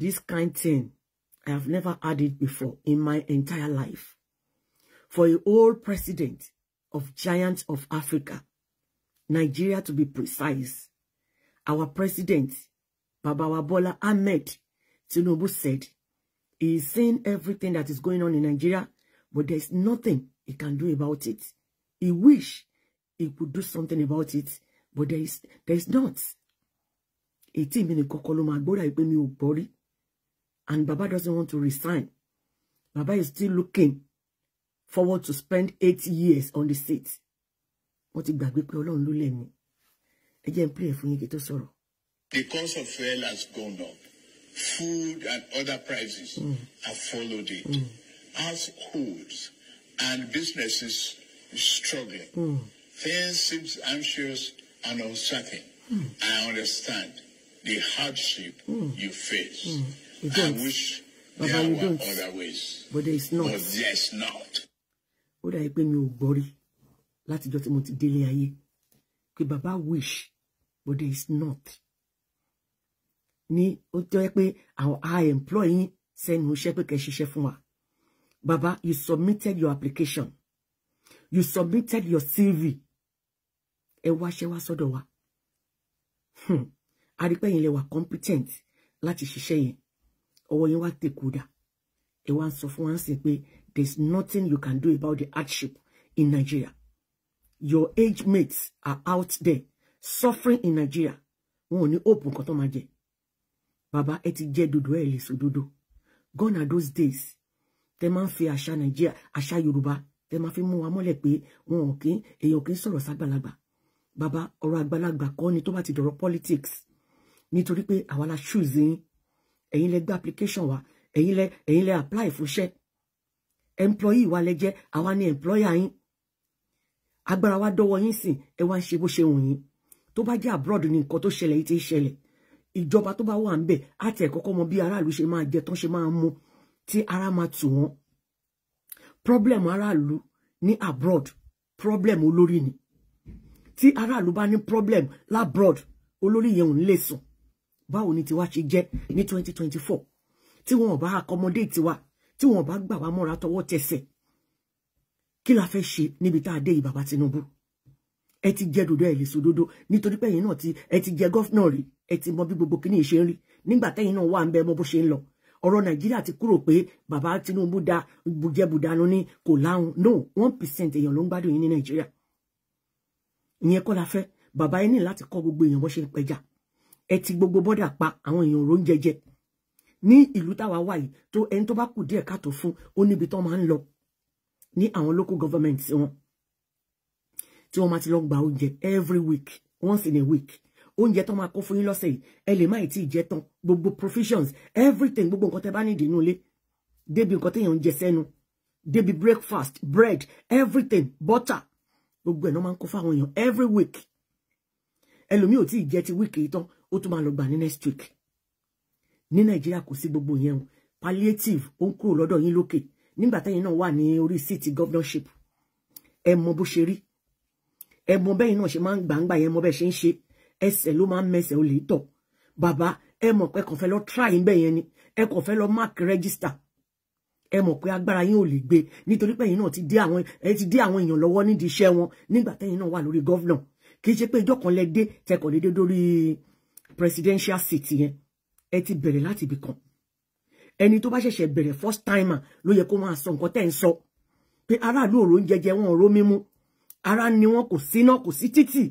This kind thing, I have never had it before in my entire life. For a old president of giants of Africa, Nigeria to be precise, our president, Baba Wabola Ahmed Tinubu said, he is seeing everything that is going on in Nigeria, but there is nothing he can do about it. He wish he could do something about it, but there is there is not. Ètí mi nìkan kọ́ ló máa gbọ́dọ̀ mi ò and Baba doesn't want to resign. Baba is still looking forward to spend eight years on the seat. Wọ́n ti gbàgbé pé Ọlọ́run ló lẹ́nu. Ẹ jẹ́ n play fún The cost of fuel has gone up. Food and other prices mm. have followed it. Mm. Households and businesses struggling. Mm. Things seem anxious and uncertain. Mm. I understand the hardship mm. you face. Mm. You don't. I wish Baba, there you were don't. other ways. But there is not. But there is not. Ó dà pé mi ò gbọ́ rí látijọ́ tí mo ti délé ayé pé bàbá wish but there is not. Ni o jẹ́ pé àwọn I employ yín sẹ́nu iṣẹ́ pé kẹ́ ṣiṣẹ́ fún wa. Bàbá you submitted your application. You submitted your CV. E wá ṣe wá sọ́dọ̀ wa. Hmm. A rí pé yín lè wà competent láti ṣiṣẹ́ yẹn ọwọ́ yín wá tèkú dà ẹ wá ń sọ fún wa ń sìn pé there is nothing you can do about the hardship in Nigeria your age mates are out there suffering in Nigeria wọn ò ní hope nǹkan tó máa jẹ bàbá ẹ ti jẹ dodo ẹ lè so dodo gone are those days tẹ máa ń fi àṣà Nigeria àṣà Yoruba. tẹ máa fi mú wa mọ́lẹ̀ pé wọn ò kí èèyàn kì í sọ̀rọ̀ ságbàlagbà bàbá ọ̀rọ̀ àgbàlagbà ni tó bá ti doro politics nítorí pé awala la choose yín ẹ̀yin lẹ gbé application wa ẹ̀yin lẹ ẹ̀yin lẹ apply fún employee wa lẹ jẹ́ àwa ni employer yín agbára wa dọ́wọ́ yín sìn ẹ wá ń ṣe bó ṣe wù yín tó bá jẹ́ abroad ni nǹkan tó ṣẹlẹ̀ yìí ti ṣẹlẹ̀ ìjọba tó bá wà ń bẹ̀ àti ẹ̀kọ́kọ́ mọ bí aráàlú ṣe máa jẹ tán ṣe máa mu tí ara máa tù wọ́n problem aráàlú ní abroad problem olórí ni tí aráàlú bá ní problem labroad olórí yẹn ò ní lè sùn báwo ni tiwa ṣe jẹ́ ní 2024 tí wọn ò bá accommodate tiwa tí wọn ò bá gbà wá mọ́ra tọwọ́ tẹsẹ̀ kí la fẹ́ ṣe níbi tá a dé yìí bàbá Tinubu ẹ ti jẹ dòdò ẹ lè dodo nítorí pé ẹ̀yin náà ti ẹ ti jẹ gọfúnà rí ẹ ti mọ bí gbogbo kíní ṣe ń rí nígbà tẹ́yin náà wà ń bẹ mọ bó ṣe ń lọ ọ̀rọ̀ Nàìjíríà ti kúrò pé bàbá Tinubu da bùjẹbùdanu ní kò láhùn no one percent èèyàn ló ń gbádùn yín ní Nàìjíríà ìyẹn kọ́ la fẹ́ bàbá yín ní láti kọ́ gbogbo èèyàn bó ṣe ń pẹja ẹ ti gbogbo bọ́dà pa àwọn èèyàn ró ń jẹjẹ ní ìlú táwa wà yìí tó ẹni tó bá kù díẹ̀ káàtó fún ó níbi tó máa ń lọ ní àwọn local government wọn tí wọ́n máa ti lọ gba oúnjẹ every week once in a week oúnjẹ tó máa kó fún yín lọ́sẹ̀ yìí ẹ lè má ì tí ì jẹ tán gbogbo provisions everything gbogbo nǹkan tẹ bá nídìí inú ilé débi nǹkan téèyàn ń jẹ sẹ́nu débi breakfast bread everything butter gbogbo ẹ̀ náà máa ń kó fáwọn èèyàn every week ẹlòmíì ò tí ì jẹ ti week yìí tán ó tún máa lọ gbà ní next week ní nàìjíríà kò sí gbogbo yẹn o palliative ó ń kúrò lọ́dọ̀ yín lókè nígbà tẹ́yìn náà wà ní orí síìtì governorship ẹ mọ bó ṣe rí ẹ mọ bẹ́yìn náà ṣe máa ń gbàǹgbà yẹn mọ bẹ́ẹ̀ ṣe ń ṣe ẹsẹ̀ ló máa ń mẹsẹ̀ ó lè bàbá ẹ mọ̀ pé kàn fẹ́ lọ try ń bẹ̀ yẹn ni ẹ kàn fẹ́ lọ mark register ẹ mọ̀ pé agbára yín ò lè gbé nítorí pé ẹ̀yin náà ti dé àwọn ẹ ti dé àwọn èèyàn lọ́wọ́ nídìí iṣẹ́ wọn nígbà tẹ́yìn náà wà lórí governor kì í ṣe pé ìjọ kan dé tẹkọ̀ déédéé lórí presidential seat yẹn ẹ ti bẹ̀rẹ̀ láti ibì kan ẹni tó bá ṣẹ̀ṣẹ̀ bẹ̀rẹ̀ first timer lo yẹ kó máa sọ nǹkan tẹ́ ń sọ pé aráàlú òró ń jẹjẹ wọn òró ara ni wọn kò síná kò sí títì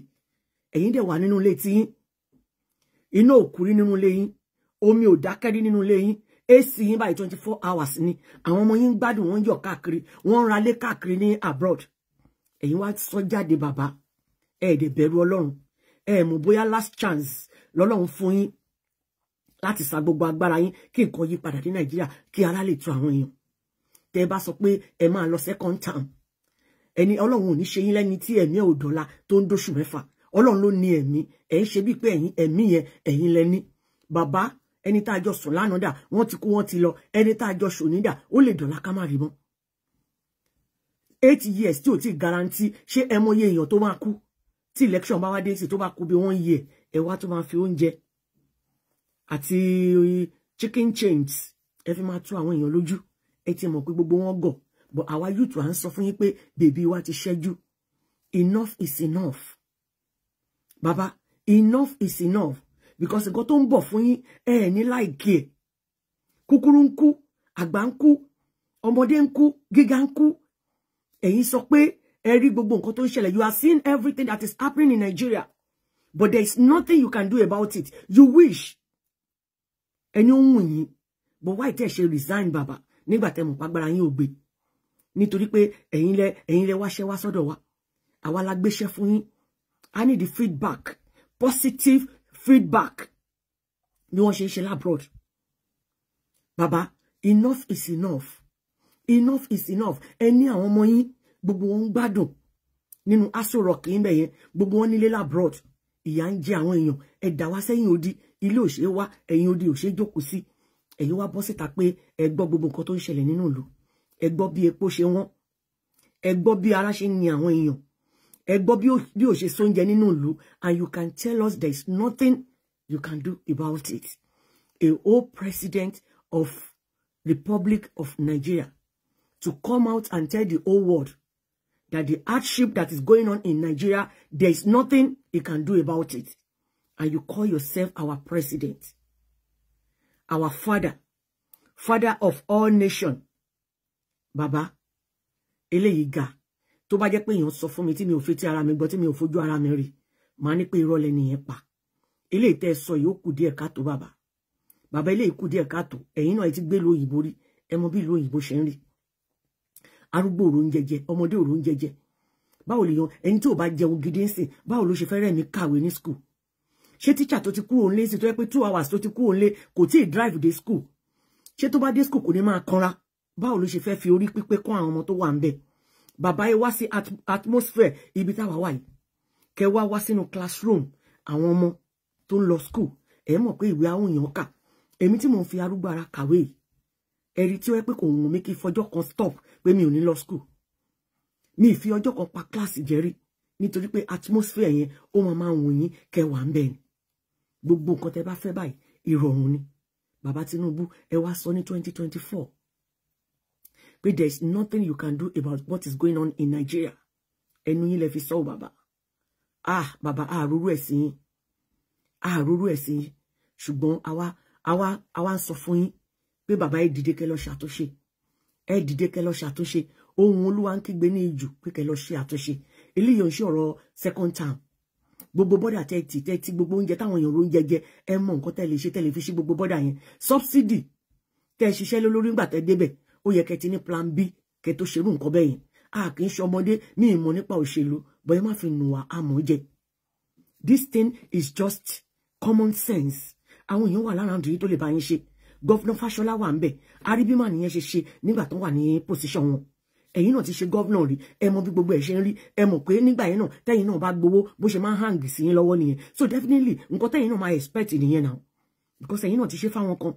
ẹ̀yin dẹ̀ wà nínú ilé tiyín iná òkúrí nínú ilé yín omi ò dákẹ́rí nínú ilé yín AC yín báyìí twenty four hours ni àwọn ọmọ yín ń gbádùn wọn ń yọ káàkiri wọn ń ralé abroad ẹ̀yin wá sọ jáde baba. ẹ de dẹ̀ bẹ̀rù ọlọ́run ẹ ẹ̀ last chance lọ́lọ́run fún yín láti sa gbogbo agbára yín kí nǹkan yí padà dé nàìjíríà kí ara lè tu àwọn èèyàn tẹ bá sọ pé ẹ máa lọ second term ẹni ọlọ́run ò ní ṣe yín lẹ́ni tí ẹ̀mí ò dọ̀la tó ń dóṣù mẹ́fà ọlọ́run ló ní ẹ̀mí ẹ̀ ń ṣe bí pé ẹ̀yin ẹ̀mí yẹn ẹ̀yin lẹ́ni bàbá ẹni tá a jọ sùn lánàá dà wọ́n ti kú wọ́n ti lọ ẹni tá a jọ sùn nídà ó lè dọ̀la ká má rí mọ́ eight years tí ò ti garanti ṣé ẹ mọye èèyàn tó máa kú tí election bá wá dé sí tó bá kú bí wọ́n yẹ ẹ wá tún máa fi oúnjẹ àti chicken chains ẹ fi máa tú àwọn èèyàn lójú ẹ ti mọ̀ pé gbogbo wọn gọ̀ but àwa youth à ń sọ fún yín pé bèbí wa ti ṣẹ́jú enough is enough Baba. enough is enough because nǹkan tó ń bọ̀ fún yín ẹ ní láìkí ẹ̀ kúkúrú ń kú àgbà ń kú ọmọdé ń kú gíga ń kú ẹ̀yin sọ pé ẹ rí gbogbo nǹkan tó ń ṣẹlẹ̀ you are seeing everything that is happening in Nigeria but there is nothing you can do about it you wish and you wù but why did she resign Baba? nígbà tẹ́ mọ̀ pàgbára yín ò gbé nítorí pé ẹ̀yin lẹ ẹ̀yin lẹ wáṣẹ́ wá sọ́dọ̀ wa àwa la gbéṣẹ́ fún yín i need the feedback positive feedback ni wọ́n ṣe ń abroad, Baba? enough is enough enough is enough ẹni àwọn ọmọ yín gbogbo wọn ń gbádùn nínú aṣọ rock yín bẹ̀yẹn gbogbo wọn nílé abroad ìyà ń jẹ àwọn èèyàn ẹ dà wá sẹ́yìn odi ilé òṣè wá ẹ̀yìn odi òṣè jókòó sí ẹ̀yin wá bọ́ síta pé ẹ gbọ́ gbogbo nǹkan tó ń ṣẹlẹ̀ nínú ìlú ẹ gbọ́ bí epo ṣe wọ́n ẹ gbọ́ bí ara ṣe ń yin àwọn èèyàn ẹ gbọ́ bí ò ṣe sóúnjẹ nínú ìlú and you can tell us there is nothing you can do about it a whole president of Republic of Nigeria to come out and tell the whole world that the hardship that is going on in Nigeria, there is nothing you can do about it. And you call yourself our president, our father, father of all nation. Baba, Ele ga. Tó ba jẹ́ yon èèyàn mi tí mi ò ara mi gbọ́ tí mi ò fojú ara mi rí. Màá ní pé irọ́ lẹ nìyẹn pa. Eléyìí tẹ́ sọ yìí ó kù díẹ̀ káàtó bàbá. Bàbá eléyìí kù díẹ̀ káàtó. Ẹ̀yin náà ẹ ti gbé lóyìnbó rí arúgbó òrò ń jẹjẹ ọmọdé òrò ń jẹjẹ báwo lèèyàn ẹni tí ò bá jẹun gidi ń báwo ló ṣe fẹ́ rẹ̀ mí kàwé ní school ṣé tíṣà tó ti kúrò nílé sí tó yẹ pé two hours tó ti kúrò nílé kò tí ì drive dé school ṣé tó bá dé school kò ní máa kanra báwo ló ṣe fẹ́ fi orí pípé kọ́ àwọn ọmọ tó wà ń bẹ̀ bàbá ẹ wá sí atmosphere ibi táwa wà yìí kẹ wá wá sínú classroom àwọn ọmọ tó ń lọ school ẹ mọ̀ pé ìwé àwọn èèyàn kà èmi tí mò ń fi arúgbó ara kàwé yìí ẹ̀rí tí ó yẹ pé kò wù mí kí fọjọ́ kan stop pé mi ò ní lọ school mi ì fi ọjọ́ kan pa kíláàsì jẹ́rí nítorí pé atmosphere yẹn ó máa máa wù yín kẹwàá ń bẹ̀ ni gbogbo nǹkan tẹ bá fẹ́ báyìí ìrọ̀rùn ni bàbá Tinubu ẹ wá sọ ní twenty twenty four pé there is nothing you can do about what is going on in Nigeria ẹnu yín lẹ fi so, Baba. ah Baba, àrúrú ẹ̀ sí yín àrúrú ẹ̀ sí yín ṣùgbọ́n àwa àwa sọ fún yín pé bàbá ẹ dìde kẹ́ lọ ṣàtúnṣe ẹ dìde kẹ́ lọ ṣàtúnṣe ohun olúwa ń kígbe ní ìjù pé kẹ́ lọ ṣe àtúnṣe eléyìí ò ń ṣe second time. gbogbo bọ́dà tẹ́tì tẹ́tì gbogbo oúnjẹ táwọn èèyàn ló ń jẹjẹ ẹ mọ nǹkan tẹ́ lè ṣe tẹ́ lè fi ṣí gbogbo bọ́dà yẹn subsidy tẹ́ ṣiṣẹ́ lólórí ńgbà tẹ́ débẹ̀ ó yẹ kẹ́ ti ní plan b kẹ́ tó ṣerú nǹkan bẹ́ẹ̀ yẹn a kì í ṣọmọdé ní ìmọ̀ nípa òṣèlú bọ́yá má fi nù àmọ́ jẹ this thing is just common sense àwọn èèyàn wà lára àdúyí tó lè bá yín ṣe gọ́fúnà Fáṣọlá wà ń bẹ̀ arìbímà nìyẹn ṣe ṣe nígbà tó wà ní pòsíṣàn wọn ẹ̀yin náà ti ṣe gọ́vnà rí ẹ mọ bí gbogbo ẹ̀ ṣe ń rí ẹ mọ̀ pé nígbà yẹn náà tẹ́yin náà bá gbowó bó ṣe máa ń hang sí yín lọ́wọ́ nìyẹn so definitely nǹkan tẹ́yin náà máa expect nìyẹn náà because ẹ̀yin náà ti ṣe fáwọn kan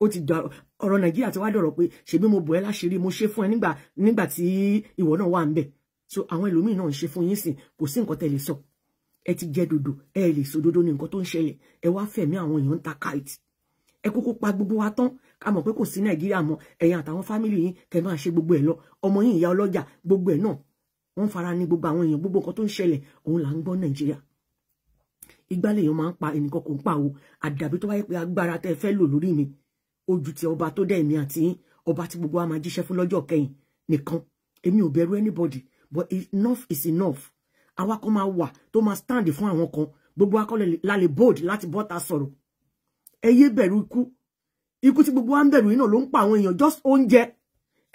ó ti dọ ọ̀rọ̀ nàìjíríà ti wá dọ̀rọ̀ pé ṣebí mo bò ẹ́ láṣìírí mo ṣe fún ẹ nígbà nígbà tí ìwọ náà wà ń bẹ̀ so àwọn ẹlòmíì náà ń ṣe fún yín sìn kò sí nǹkan tẹ́ lè sọ ẹ ti jẹ dodo ẹ lè sọ dodo ní nǹkan tó ń ṣẹlẹ̀ ẹ wá fẹ̀mí àwọn èèyàn ń ta kite ẹ kúkú pa gbogbo wa tán ká mọ̀ pé kò sí nàìjíríà mọ́ ẹ̀yin àtàwọn fámìlì yín kẹ́ máa ṣe gbogbo ẹ̀ lọ ọmọ yín ìyá ọlọ́jà gbogbo ẹ̀ náà wọ́n fara ní gbogbo àwọn èèyàn gbogbo nǹkan tó ń ṣẹlẹ̀ òun là ń gbọ́ nàìjíríà igbá lèèyàn máa ń pa ẹnìkan kò ń pa o àdàbí tó wáyé pé agbára tẹ́ fẹ́ lò lórí mi ojú ti ọba tó dẹ̀ ní àti ọba tí gbogbo wa máa jíṣẹ́ fún lọ́jọ́ kẹyìn nìkan èmi ò bẹ̀rù anybody but enough is enough àwa kan máa wà tó máa stand fún àwọn kan gbogbo akọ́lẹ̀ lálẹ́ bold láti bọ́ta sọ̀rọ̀ ẹ yé bẹ̀rù ikú ikú tí gbogbo wa ń bẹ̀rù yìí náà ló ń pa àwọn èèyàn just oúnjẹ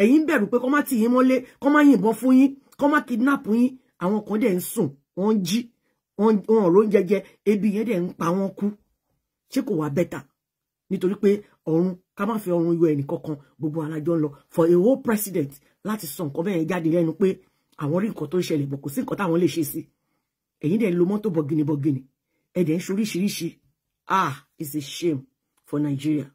ẹ̀yin ń bẹ̀rù pé kọ́ má tì yín mọ́lé kọ́ má yìnbọn fún yín kọ́ má kidnap yín àwọn kan dẹ̀ ń sùn wọ́n ń jí wọn ò róúnjẹ jẹ ebi yẹn dẹ̀ ń pa wọ́n kú ṣé kò wá bẹ́tà nítorí pé ọ̀run ká má fi ọ̀run yọ ẹnìkankan gbogbo alájọ ń lọ for a whole president láti sọ nǹkan bẹ́ẹ̀ jáde lẹ́nu pé àwọn rí nǹkan tó ń ṣẹlẹ̀ bọ̀ kò sí nǹkan táwọn lè ṣe sí ẹ̀yin dẹ̀ ń lo mọ́tò bọ̀gìnìbọ̀gìnì ẹ̀ dẹ̀ ń ṣoríṣiríṣi Ah, it's a shame for Nigeria.